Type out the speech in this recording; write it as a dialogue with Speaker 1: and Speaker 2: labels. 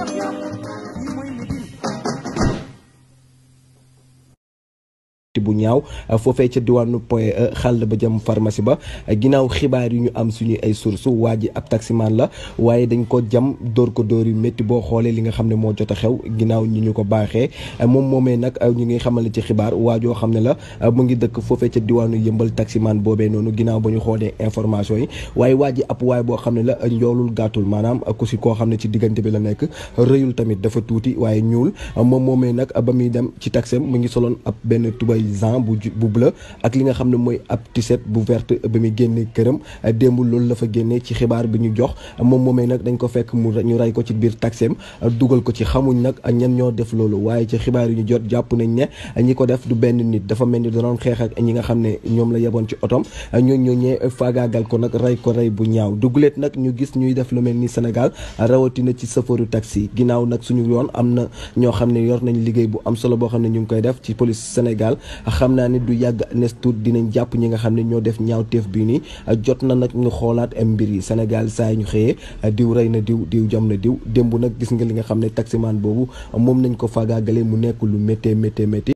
Speaker 1: Yap yap. bu ñaaw foofee ca diwaanu point e, xàll ba jëm pharmacie ba ginaaw xibaar yu ñu am suñuy ay source waa ji ab taximaan la waaye dañ ko jam dóor ko dóor yu métti boo xoolee li nga xam ne moo jot a xew ginnaaw ñi ñu ko baaxee moom moomee nag ñu ngi xamal ci xibaar waajoo xam ne la mu ngi dëkk foofee ca diwaanu yëmbal taximaan boobee noonu ginnaaw ba ñu xoolee information yi waaye waa ji waay boo xam ne la njoolul gàttul maanaam ku si koo xam ne ci diggante bi la nekk rëyul tamit dafa tuuti waaye ñuul moom moomee nag ba muy dem ci taxem mu ngi soloon ab benn tubay mooy jean bu bu bleu ak li nga xam ne mooy ab tiset bu verte ba mu génnee këram démb loolu la fa génnee ci xibaar bi ñu jox moom moomee nag dañ ko fekk mu ñu rey ko ci biir taxem dugal ko ci xamuñ nag ñen ñoo def loolu waaye ci xibaar yi ñu jot jàpp nañ ne ñi ko def du benn nit dafa mel ni danoon xeex ak ñi nga xam ne ñoom la yeboon ci otom ñooñ ñooñee faagaagal ko nag rey ko rey bu ñaaw duguleet nag ñu gis ñuy def lu mel ni senegal rawatina ci safaru taxi ginnaaw nag suñu yoon am na ñoo xam ne yor nañ liggéey bu am solo boo xam ne ñu ngi koy def ci police Sénégal xam naa ni du yàgg nes tuut dinañ jàpp ñi nga xam ne ñoo def ñaaw ñaawteef bi nii jot na nag ñu xoolaat mbir yi senegal saa ñu xëyee diw rey na diw diw jam na diw démb nag gis nga li nga xam ne taksimaan boobu moom nañ ko faagaagale mu nekk lu méttee méttee métti